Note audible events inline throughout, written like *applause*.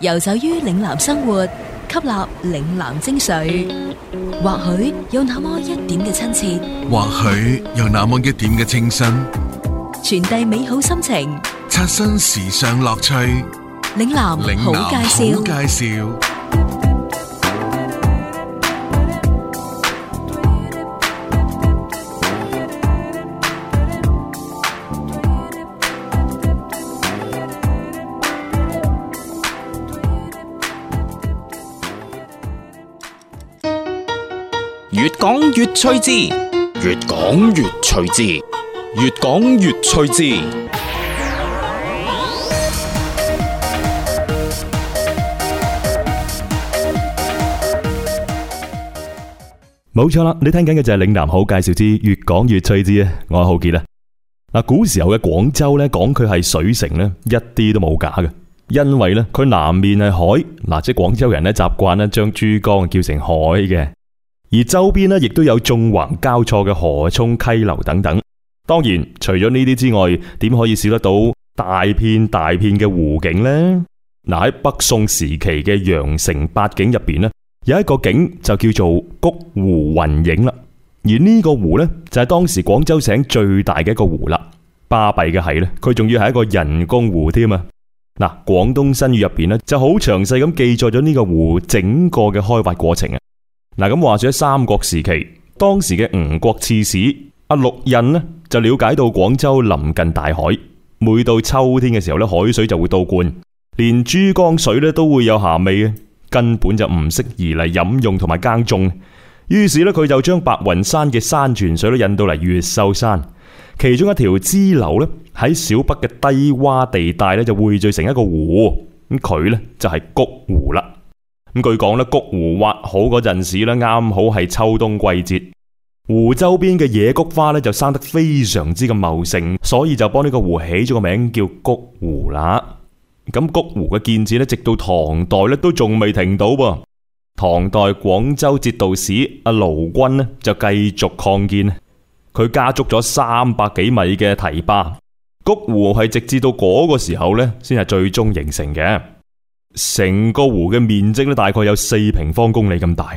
遊走於嶺南生活，吸納嶺南精髓，或許有那麼一點嘅親切，或許有那麼一點嘅清新，傳遞美好心情，刷新時尚樂趣。嶺南好介紹，嶺南好介紹。越吹之，越講越趣之。越講越趣之，冇錯啦，你聽緊嘅就係嶺南好介紹之越講越趣之，啊！我係浩杰啦。嗱，古時候嘅廣州咧，講佢係水城咧，一啲都冇假嘅，因為咧佢南面係海，嗱，即係廣州人咧習慣咧將珠江叫成海嘅。而周邊呢，亦都有縱橫交錯嘅河涌溪流等等。當然，除咗呢啲之外，點可以少得到大片大片嘅湖景呢？嗱，喺北宋時期嘅羊城八景入邊呢，有一個景就叫做菊湖雲影啦。而呢個湖呢，就係當時廣州省最大嘅一個湖啦。巴閉嘅係呢，佢仲要係一個人工湖添啊！嗱，廣東新語入邊呢，就好詳細咁記載咗呢個湖整個嘅開發過程啊。嗱，咁話說喺三國時期，當時嘅吳國刺史阿陸胤呢，就了解到廣州臨近大海，每到秋天嘅時候咧，海水就會倒灌，連珠江水咧都會有鹹味嘅，根本就唔適宜嚟飲用同埋耕種。於是咧，佢就將白雲山嘅山泉水咧引到嚟越秀山，其中一條支流咧喺小北嘅低洼地帶咧就匯聚成一個湖，咁佢咧就係菊湖啦。咁據講咧，谷湖挖好嗰陣時咧，啱好係秋冬季節，湖周邊嘅野菊花咧就生得非常之咁茂盛，所以就幫呢個湖起咗個名叫谷湖啦。咁谷湖嘅建設咧，直到唐代咧都仲未停到噃。唐代廣州節度使阿盧君咧就繼續擴建，佢加築咗三百幾米嘅堤壩，谷湖係直至到嗰個時候咧，先係最終形成嘅。成個湖嘅面積咧，大概有四平方公里咁大，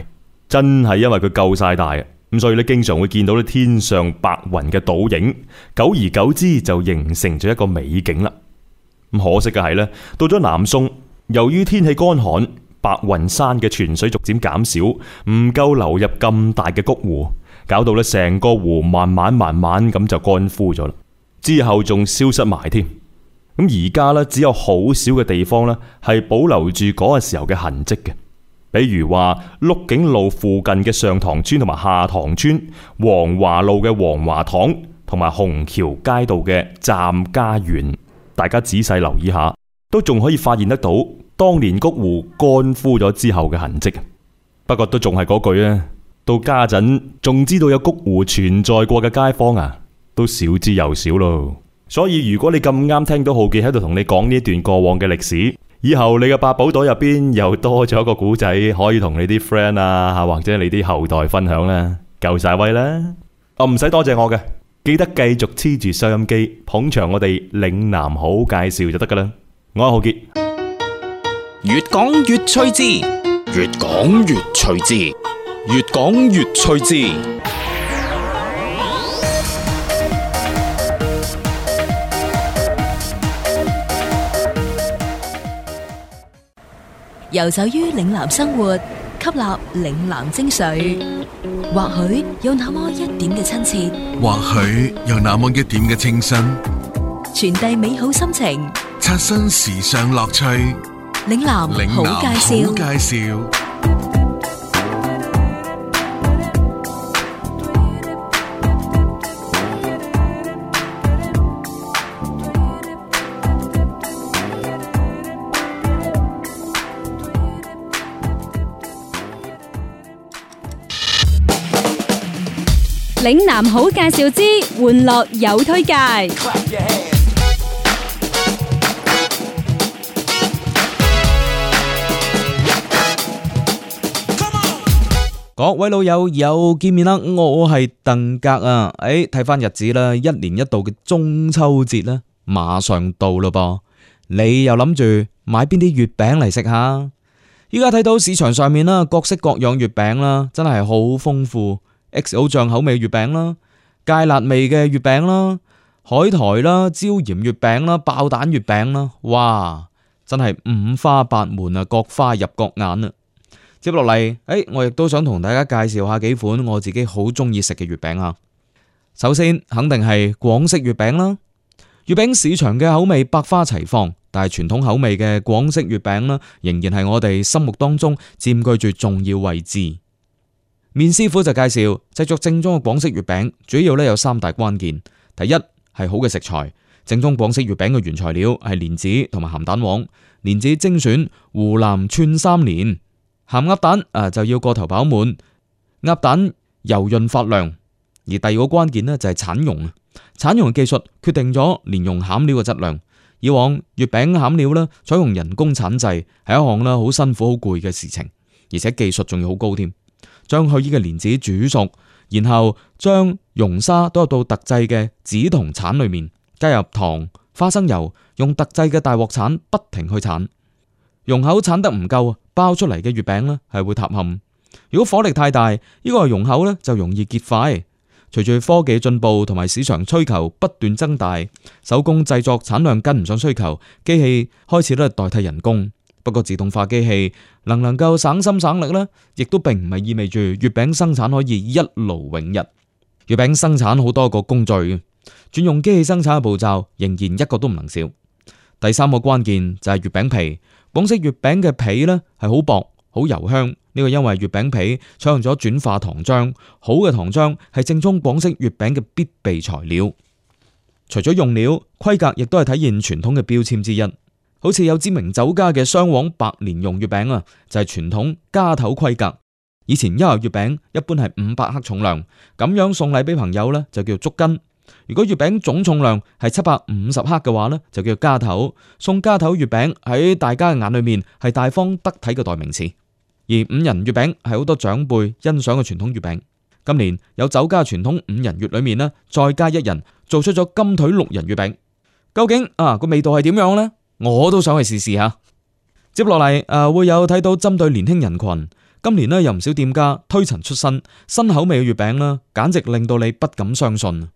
真係因為佢夠晒大啊！咁所以咧，經常會見到咧天上白雲嘅倒影，久而久之就形成咗一個美景啦。咁可惜嘅係咧，到咗南宋，由於天氣乾旱，白雲山嘅泉水逐漸減少，唔夠流入咁大嘅谷湖，搞到咧成個湖慢慢慢慢咁就乾枯咗啦。之後仲消失埋添。咁而家咧，只有好少嘅地方咧，係保留住嗰個時候嘅痕跡嘅。比如話，麓景路附近嘅上塘村同埋下塘村，黃華路嘅黃華堂，同埋洪橋街道嘅湛家園，大家仔細留意下，都仲可以發現得到當年谷湖乾枯咗之後嘅痕跡。不過都仲係嗰句啊，到家陣仲知道有谷湖存在過嘅街坊啊，都少之又少咯。所以如果你咁啱聽到浩杰喺度同你講呢段過往嘅歷史，以後你嘅百寶袋入邊又多咗一個古仔可以同你啲 friend 啊，或者你啲後代分享啦，啊，夠晒威啦！哦，啊，唔使多謝我嘅，記得繼續黐住收音機捧場我哋嶺南好介紹就得噶啦。我係浩杰，越講越趣致，越講越趣致，越講越趣致。遊走於嶺南生活，吸納嶺南精髓，或許有那麼一點嘅親切，或許有那麼一點嘅清新，傳遞美好心情，刷新時尚樂趣。嶺南好介紹，好介紹。嶺南好介紹之，玩樂有推介。各位老友又見面啦，我係鄧格啊！哎，睇翻日子啦，一年一度嘅中秋節啦，馬上到啦噃！你又諗住買邊啲月餅嚟食下？依家睇到市場上面啦，各式各樣月餅啦，真係好豐富。XO 醬口味月餅啦，芥辣味嘅月餅啦，海苔啦，椒鹽月餅啦，爆蛋月餅啦，哇，真係五花八門啊，各花入各眼啊！接落嚟，誒，我亦都想同大家介紹下幾款我自己好中意食嘅月餅啊。首先，肯定係廣式月餅啦。月餅市場嘅口味百花齊放，但係傳統口味嘅廣式月餅啦，仍然係我哋心目當中佔據住重要位置。面師傅就介紹製作正宗嘅廣式月餅，主要咧有三大關鍵。第一係好嘅食材，正宗廣式月餅嘅原材料係蓮子同埋鹹蛋黃，蓮子精選湖南寸三蓮，鹹鴨蛋啊就要個頭飽滿，鴨蛋油潤發亮。而第二個關鍵咧就係鏟蓉啊，鏟蓉嘅技術決定咗蓮蓉餡料嘅質量。以往月餅餡料咧採用人工鏟製，係一項啦好辛苦、好攰嘅事情，而且技術仲要好高添。將去衣嘅蓮子煮熟，然後將蓉沙倒入到特製嘅紫銅鏟裏面，加入糖、花生油，用特製嘅大鑊鏟不停去鏟。蓉口鏟得唔夠，包出嚟嘅月餅咧係會塌陷。如果火力太大，呢、這個係蓉口咧就容易結塊。隨住科技進步同埋市場需求不斷增大，手工製作產量跟唔上需求，機器開始都係代替人工。不過自動化機器能能夠省心省力呢，亦都並唔係意味住月餅生產可以一勞永逸。月餅生產好多個工序，轉用機器生產嘅步驟仍然一個都唔能少。第三個關鍵就係月餅皮，廣式月餅嘅皮呢係好薄，好油香，呢個因為月餅皮採用咗轉化糖漿，好嘅糖漿係正宗廣式月餅嘅必備材料。除咗用料，規格亦都係體現傳統嘅標籤之一。好似有知名酒家嘅雙黃白蓮蓉月餅啊，就係、是、傳統加頭規格。以前一盒月餅一般係五百克重量，咁樣送禮俾朋友呢，就叫足斤。如果月餅總重量係七百五十克嘅話呢，就叫加頭。送加頭月餅喺大家嘅眼裏面係大方得體嘅代名詞。而五仁月餅係好多長輩欣賞嘅傳統月餅。今年有酒家傳統五仁月裏面呢，再加一人，做出咗金腿六仁月餅。究竟啊個味道係點樣呢？我都想去試試下。接落嚟，誒會有睇到針對年輕人群，今年咧有唔少店家推陳出新新口味嘅月餅啦，簡直令到你不敢相信。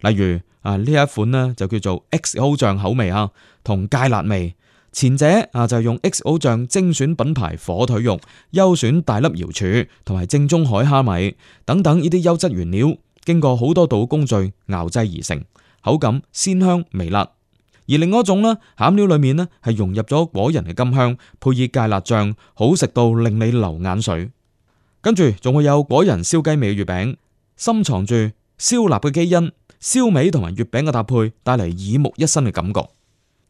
例如啊呢一款咧就叫做 XO 醬口味啊，同芥辣味，前者啊就用 XO 醬精選品牌火腿肉、優選大粒瑤柱同埋正宗海蝦米等等呢啲優質原料，經過好多道工序熬製而成，口感鮮香微辣。而另外一種咧，餡料裏面咧係融入咗果仁嘅甘香，配以芥辣醬，好食到令你流眼水。跟住仲會有果仁燒雞味嘅月餅，深藏住燒臘嘅基因，燒味同埋月餅嘅搭配，帶嚟耳目一新嘅感覺。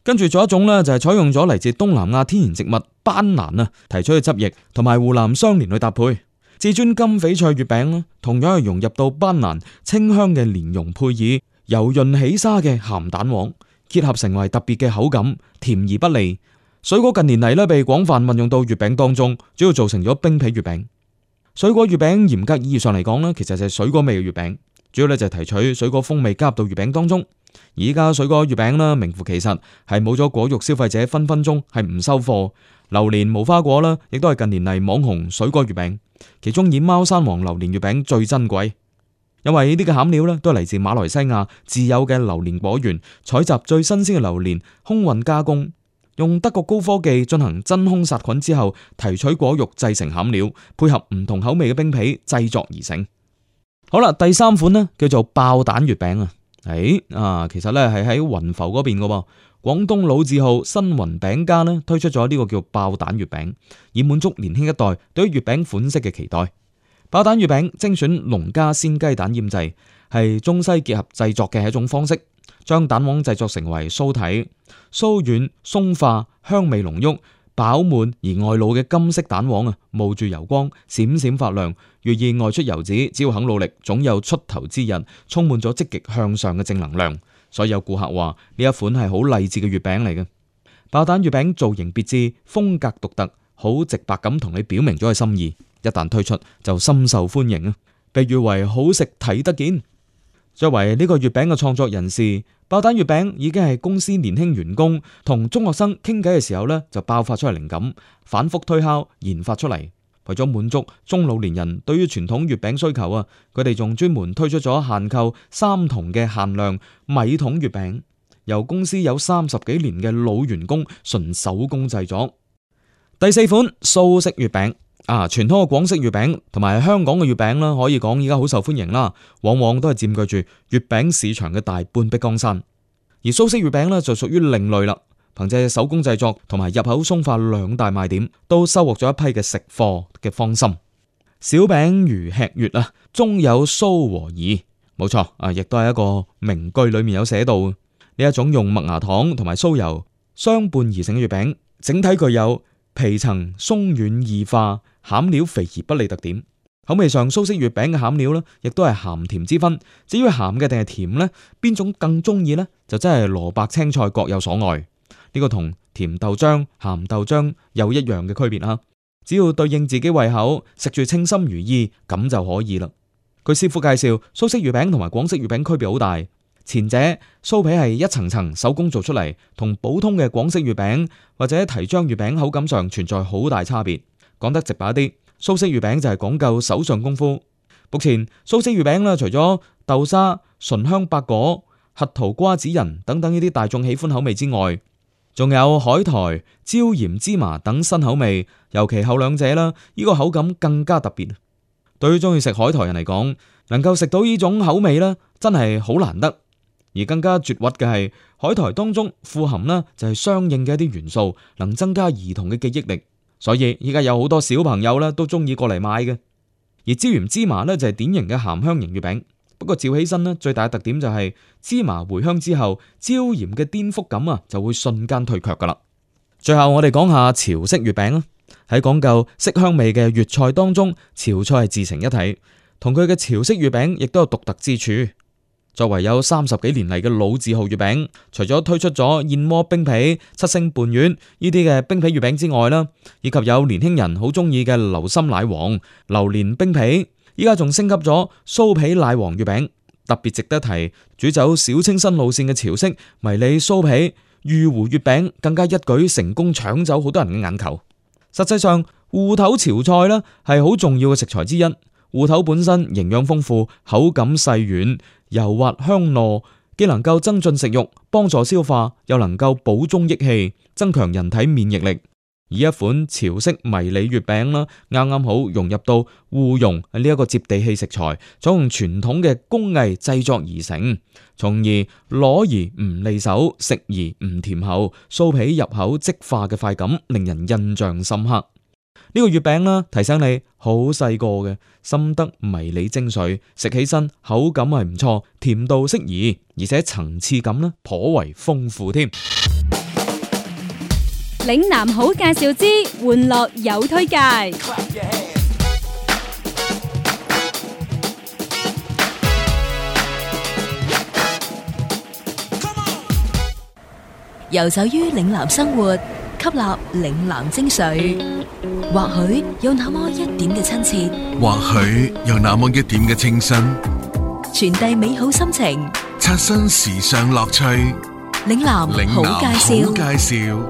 跟住仲有一種呢，就係採用咗嚟自東南亞天然植物斑蘭啊，提出去汁液，同埋湖南雙蓮去搭配至尊金翡翠月餅啦，同樣係融入到斑蘭清香嘅蓮蓉，配以油潤起沙嘅鹹蛋黃。結合成為特別嘅口感，甜而不膩。水果近年嚟咧，被廣泛運用到月餅當中，主要做成咗冰皮月餅。水果月餅嚴格意義上嚟講咧，其實係水果味嘅月餅，主要咧就提取水果風味加入到月餅當中。而家水果月餅啦，名副其實係冇咗果肉，消費者分分鐘係唔收貨。榴蓮、無花果啦，亦都係近年嚟網紅水果月餅，其中以貓山王榴蓮月餅最珍貴。因為呢啲嘅餡料咧都係嚟自馬來西亞自有嘅榴蓮果園，採集最新鮮嘅榴蓮，空運加工，用德國高科技進行真空殺菌之後，提取果肉製成餡料，配合唔同口味嘅冰皮製作而成。好啦，第三款咧叫做爆蛋月餅啊！誒、哎、啊，其實咧係喺雲浮嗰邊嘅，廣東老字號新雲餅家咧推出咗呢個叫爆蛋月餅，以滿足年輕一代對月餅款式嘅期待。爆蛋月餅精選農家鮮雞蛋醃製，係中西結合製作嘅一種方式，將蛋黃製作成為酥體，酥軟鬆化，香味濃郁，飽滿而外露嘅金色蛋黃啊，冒住油光，閃閃發亮。寓意外出遊子，只要肯努力，總有出頭之日，充滿咗積極向上嘅正能量。所以有顧客話呢一款係好勵志嘅月餅嚟嘅。爆蛋月餅造型別致，風格獨特。好直白咁同你表明咗佢心意，一旦推出就深受歡迎啊，被譽為好食睇得見。作為呢個月餅嘅創作人士，爆蛋月餅已經係公司年輕員工同中學生傾偈嘅時候咧就爆發出嚟靈感，反復推敲研發出嚟，為咗滿足中老年人對於傳統月餅需求啊，佢哋仲專門推出咗限購三桶嘅限量米桶月餅，由公司有三十幾年嘅老員工純手工製作。第四款蘇式月餅啊，傳統嘅廣式月餅同埋香港嘅月餅啦，可以講而家好受歡迎啦，往往都係佔據住月餅市場嘅大半壁江山。而蘇式月餅咧就屬於另類啦，憑借手工製作同埋入口鬆化兩大賣點，都收穫咗一批嘅食貨嘅芳心。小餅如吃月啊，中有酥和餌，冇錯啊，亦都係一個名句裏面有寫到呢一種用麥芽糖同埋酥油相伴而成嘅月餅，整體具有。皮層鬆軟易化，餡料肥而不膩特點。口味上，蘇式月餅嘅餡料呢亦都係鹹甜之分。至於鹹嘅定係甜呢，邊種更中意呢？就真係蘿蔔青菜各有所愛。呢個同甜豆漿、鹹豆漿有一樣嘅區別啊。只要對應自己胃口，食住清心如意咁就可以啦。據師傅介紹，蘇式月餅同埋廣式月餅區別好大。前者酥皮係一層層手工做出嚟，同普通嘅廣式月餅或者提漿月餅口感上存在好大差別。講得直白啲，蘇式月餅就係講究手上功夫。目前蘇式月餅除咗豆沙、醇香白果、核桃、瓜子仁等等呢啲大眾喜歡口味之外，仲有海苔、椒鹽芝麻等新口味。尤其後兩者啦，呢、呢個口感更加特別。對於鍾意食海苔人嚟講，能夠食到呢種口味啦，真係好難得。而更加絕屈嘅係，海苔當中富含呢，就係相應嘅一啲元素，能增加兒童嘅記憶力，所以依家有好多小朋友呢都中意過嚟買嘅。而椒鹽芝麻呢，就係典型嘅鹹香型月餅，不過照起身呢，最大嘅特點就係芝麻回香之後，椒鹽嘅顛覆感啊就會瞬間退卻噶啦。最後我哋講下潮式月餅啦，喺講究色香味嘅粵菜當中，潮菜係自成一體，同佢嘅潮式月餅亦都有獨特之處。作為有三十幾年嚟嘅老字號月餅，除咗推出咗燕窩冰皮、七星半丸呢啲嘅冰皮月餅之外啦，以及有年輕人好中意嘅流心奶黃、榴蓮冰皮，依家仲升級咗酥皮奶黃月餅。特別值得一提，煮走小清新路線嘅潮式迷你酥皮芋湖月餅，更加一舉成功搶走好多人嘅眼球。實際上，芋頭潮菜呢係好重要嘅食材之一。芋頭本身營養豐富，口感細軟。油滑香糯，既能夠增進食欲、幫助消化，又能夠補中益氣，增強人體免疫力。而一款潮式迷你月餅呢啱啱好融入到芋蓉呢一個接地氣食材，採用傳統嘅工藝製作而成，從而糯而唔膩手，食而唔甜口，酥皮入口即化嘅快感，令人印象深刻。呢個月餅啦，提醒你好細個嘅，深得迷你精髓，食起身口感係唔錯，甜度適宜，而且層次感呢頗為豐富添。嶺南好介紹之，玩樂有推介，遊走於嶺南生活。吸納嶺南精髓，或許有那麼一點嘅親切，或許有那麼一點嘅清新，傳遞美好心情，刷新時尚樂趣。嶺南好介紹。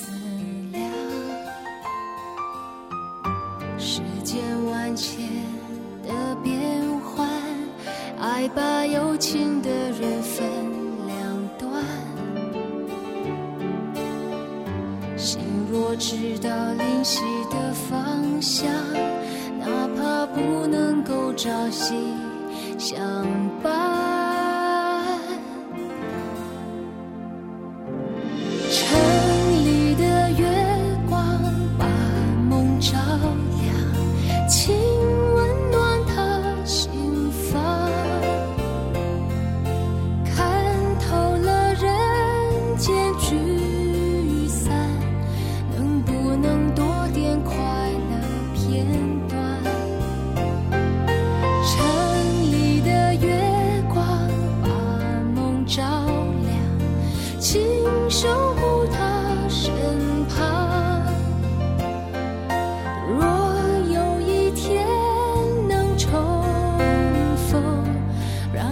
心有靈犀的方向，哪怕不能夠朝夕相伴。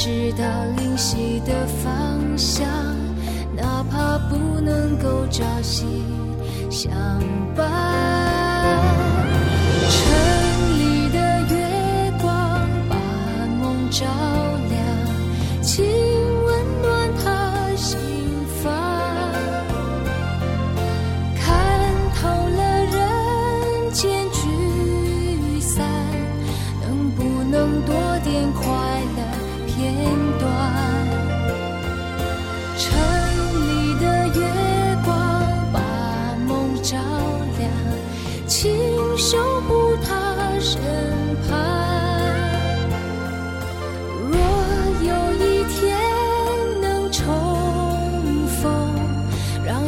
直到靈犀的方向，哪怕不能夠朝夕相伴。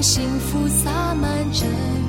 幸福灑滿整。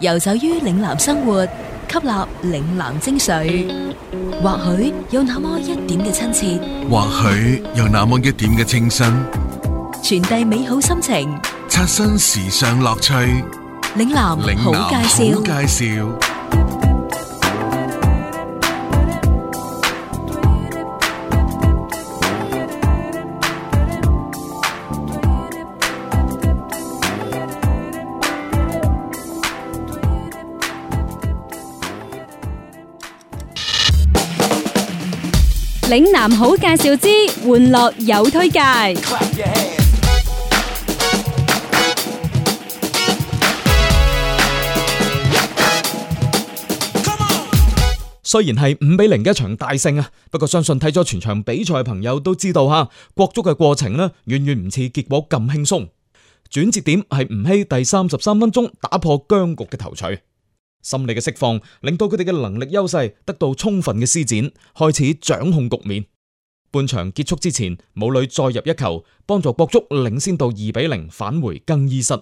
遊走於嶺南生活，吸納嶺南精髓，或許有那麼一點嘅親切，或許有那麼一點嘅清新，傳遞美好心情，刷新時尚樂趣。嶺南好介紹，好介紹。嶺南好介紹之，玩樂有推介。雖然係五比零嘅一場大勝啊，不過相信睇咗全場比賽朋友都知道吓，國足嘅過程呢，遠遠唔似結果咁輕鬆。轉折點係吳曦第三十三分鐘打破僵局嘅頭槌。心理嘅釋放，令到佢哋嘅能力優勢得到充分嘅施展，開始掌控局面。半場結束之前，母女再入一球，幫助國足領先到二比零，返回更衣室。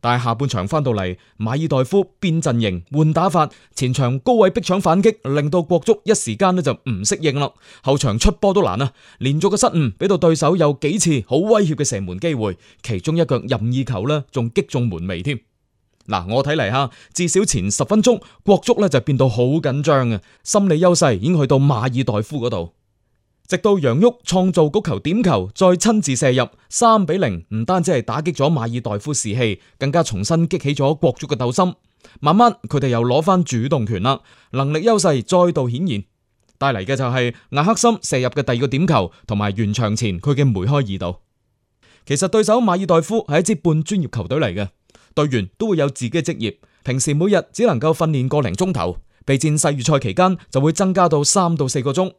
但係下半場翻到嚟，馬爾代夫變陣型，換打法，前場高位逼搶反擊，令到國足一時間呢就唔適應啦，後場出波都難啊！連續嘅失誤，俾到對手有幾次好威脅嘅射門機會，其中一腳任意球呢仲擊中門楣添。嗱，我睇嚟吓，至少前十分鐘，國足咧就變到好緊張啊。心理優勢已經去到馬爾代夫嗰度。直到楊旭創造局球點球，再親自射入三比零，唔單止係打擊咗馬爾代夫士氣，更加重新激起咗國足嘅鬥心。慢慢佢哋又攞翻主動權啦，能力優勢再度顯現，帶嚟嘅就係阿克森射入嘅第二個點球，同埋完場前佢嘅梅開二度。其實對手馬爾代夫係一支半專業球隊嚟嘅。隊員都會有自己嘅職業，平時每日只能夠訓練個零鐘頭，備戰世預賽期間就會增加到三到四個鐘。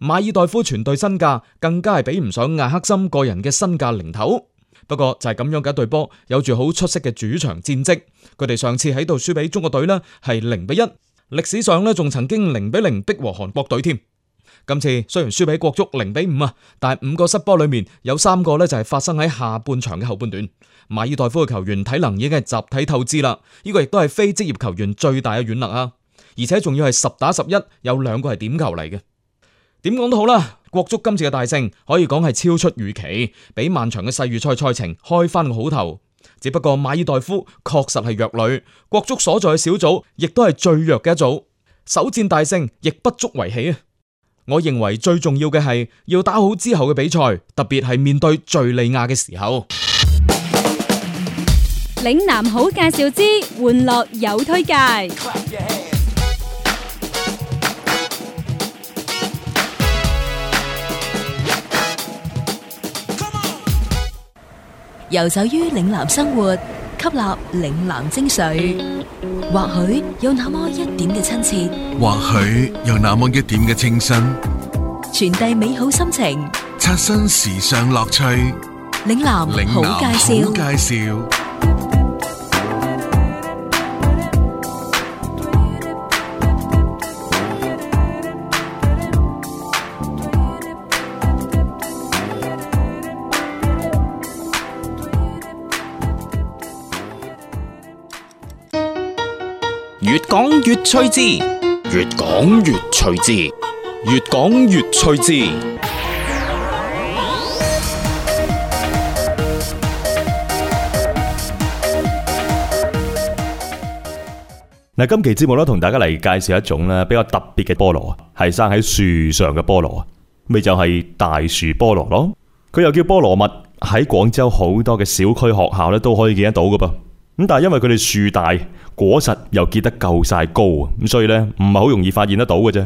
馬爾代夫全隊身價更加係比唔上艾克森個人嘅身價零頭，不過就係咁樣嘅一隊波，有住好出色嘅主場戰績。佢哋上次喺度輸俾中國隊呢係零比一，歷史上呢仲曾經零比零逼和韓國隊添。今次雖然輸俾國足零比五啊，但係五個失波裏面有三個咧就係發生喺下半場嘅後半段。馬爾代夫嘅球員體能已經係集體透支啦，呢個亦都係非職業球員最大嘅軟肋啊！而且仲要係十打十一，有兩個係點球嚟嘅。點講都好啦，國足今次嘅大勝可以講係超出預期，俾漫長嘅世預賽賽程開翻個好頭。只不過馬爾代夫確實係弱旅，國足所在嘅小組亦都係最弱嘅一組，首戰大勝亦不足為喜啊！我認為最重要嘅係要打好之後嘅比賽，特別係面對敘利亞嘅時候。嶺南好介紹之，玩樂有推介，游走於嶺南生活。吸納嶺南精髓，或許有那麼一點嘅親切，或許有那麼一點嘅清新，傳遞美好心情，刷新時尚樂趣。嶺南好介紹。越趣致，越講越趣致，越講越趣致。嗱，今期節目咧，同大家嚟介紹一種咧比較特別嘅菠蘿，係生喺樹上嘅菠蘿，咪就係大樹菠蘿咯。佢又叫菠蘿蜜，喺廣州好多嘅小區、學校咧都可以見得到嘅噃。咁但係因為佢哋樹大果實又結得夠晒高啊，咁所以呢唔係好容易發現得到嘅啫。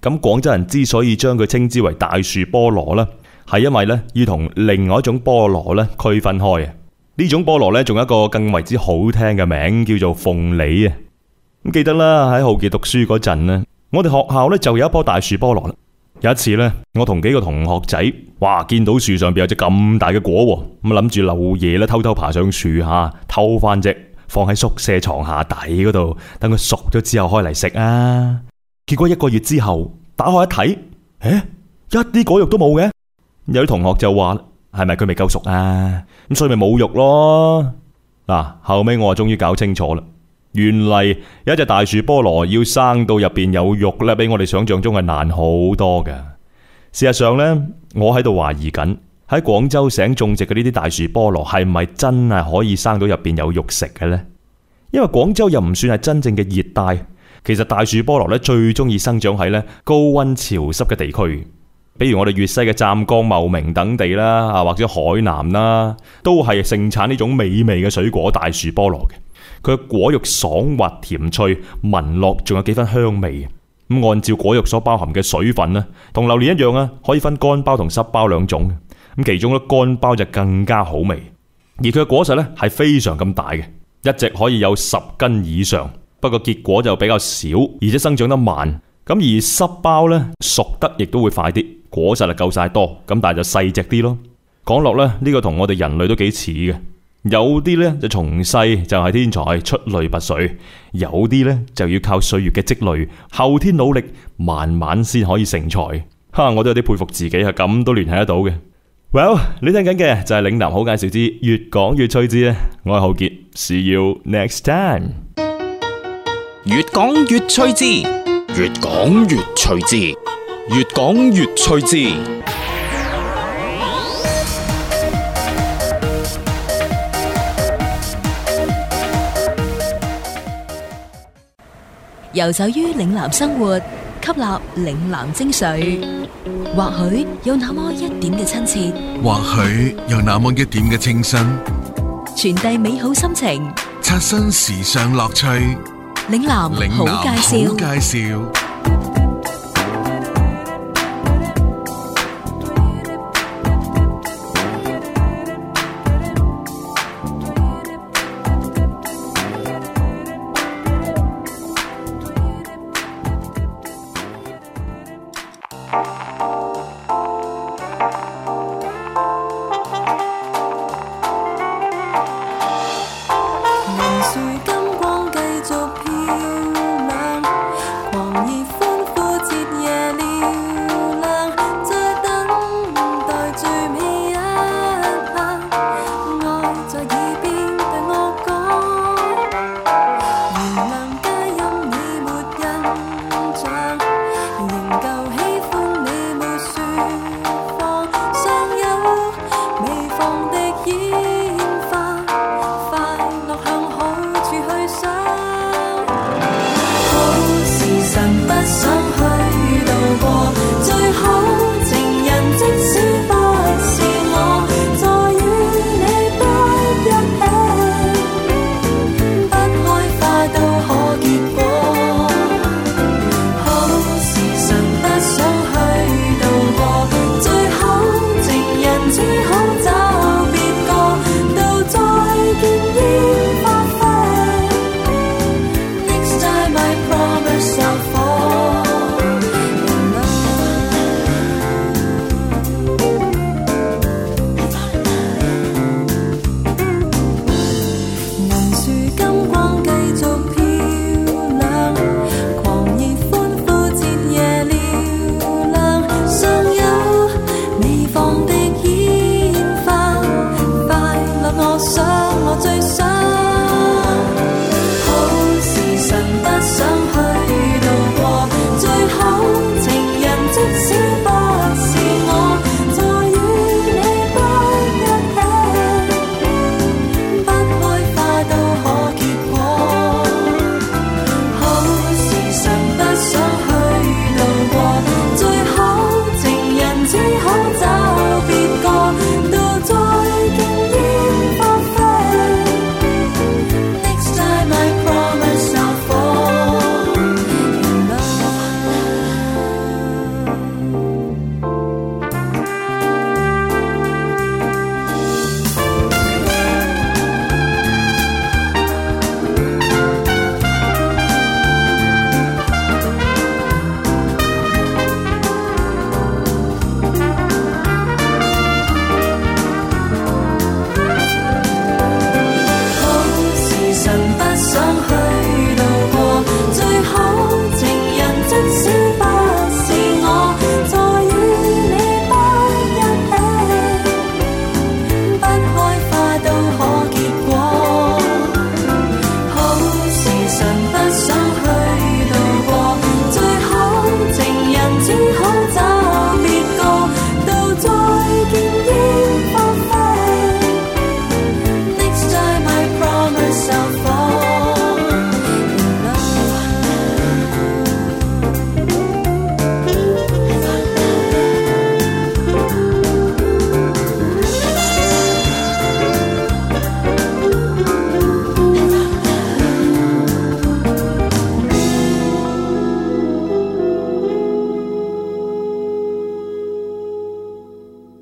咁廣州人之所以將佢稱之為大樹菠蘿呢，係因為呢要同另外一種菠蘿呢區分開啊。呢種菠蘿呢仲有一個更為之好聽嘅名叫做鳳梨啊。咁記得啦，喺好奇讀書嗰陣呢，我哋學校呢就有一棵大樹菠蘿。有一次咧，我同幾個同學仔哇，見到樹上邊有隻咁大嘅果，咁諗住漏夜咧偷偷爬上樹吓偷翻隻放喺宿舍床下底嗰度，等佢熟咗之後開嚟食啊。結果一個月之後打開一睇，誒，一啲果肉都冇嘅。有啲同學就話係咪佢未夠熟啊？咁所以咪冇肉咯。嗱，後尾我啊終於搞清楚啦。原嚟，有一隻大樹菠蘿要生到入邊有肉咧，比我哋想象中係難好多㗎。事實上呢，我喺度懷疑緊喺廣州省種植嘅呢啲大樹菠蘿係咪真係可以生到入邊有肉食嘅呢？因為廣州又唔算係真正嘅熱帶，其實大樹菠蘿咧最中意生長喺咧高溫潮濕嘅地區，比如我哋粵西嘅湛江、茂名等地啦，啊或者海南啦，都係盛產呢種美味嘅水果——大樹菠蘿嘅。佢嘅果肉爽滑甜脆，聞落仲有幾分香味。咁按照果肉所包含嘅水分咧，同榴蓮一樣啊，可以分乾包同濕包兩種。咁其中咧乾包就更加好味，而佢嘅果實咧係非常咁大嘅，一隻可以有十斤以上。不過結果就比較少，而且生長得慢。咁而濕包咧熟得亦都會快啲，果實就夠晒多，咁但係就細隻啲咯。講落咧呢個同我哋人類都幾似嘅。有啲咧就從細就係天才出類拔萃，有啲咧就要靠歲月嘅積累、後天努力，慢慢先可以成才。吓、啊，我都有啲佩服自己啊，咁都聯繫得到嘅。Well，你聽緊嘅就係嶺南好介紹之越講越趣之啊，我係浩傑 *music* ，see you next time。越講越趣之越講越趣之越講越趣之。越遊走於嶺南生活，吸納嶺南精髓，或許有那麼一點嘅親切，或許有那麼一點嘅清新，傳遞美好心情，刷新時尚樂趣。嶺南好介紹。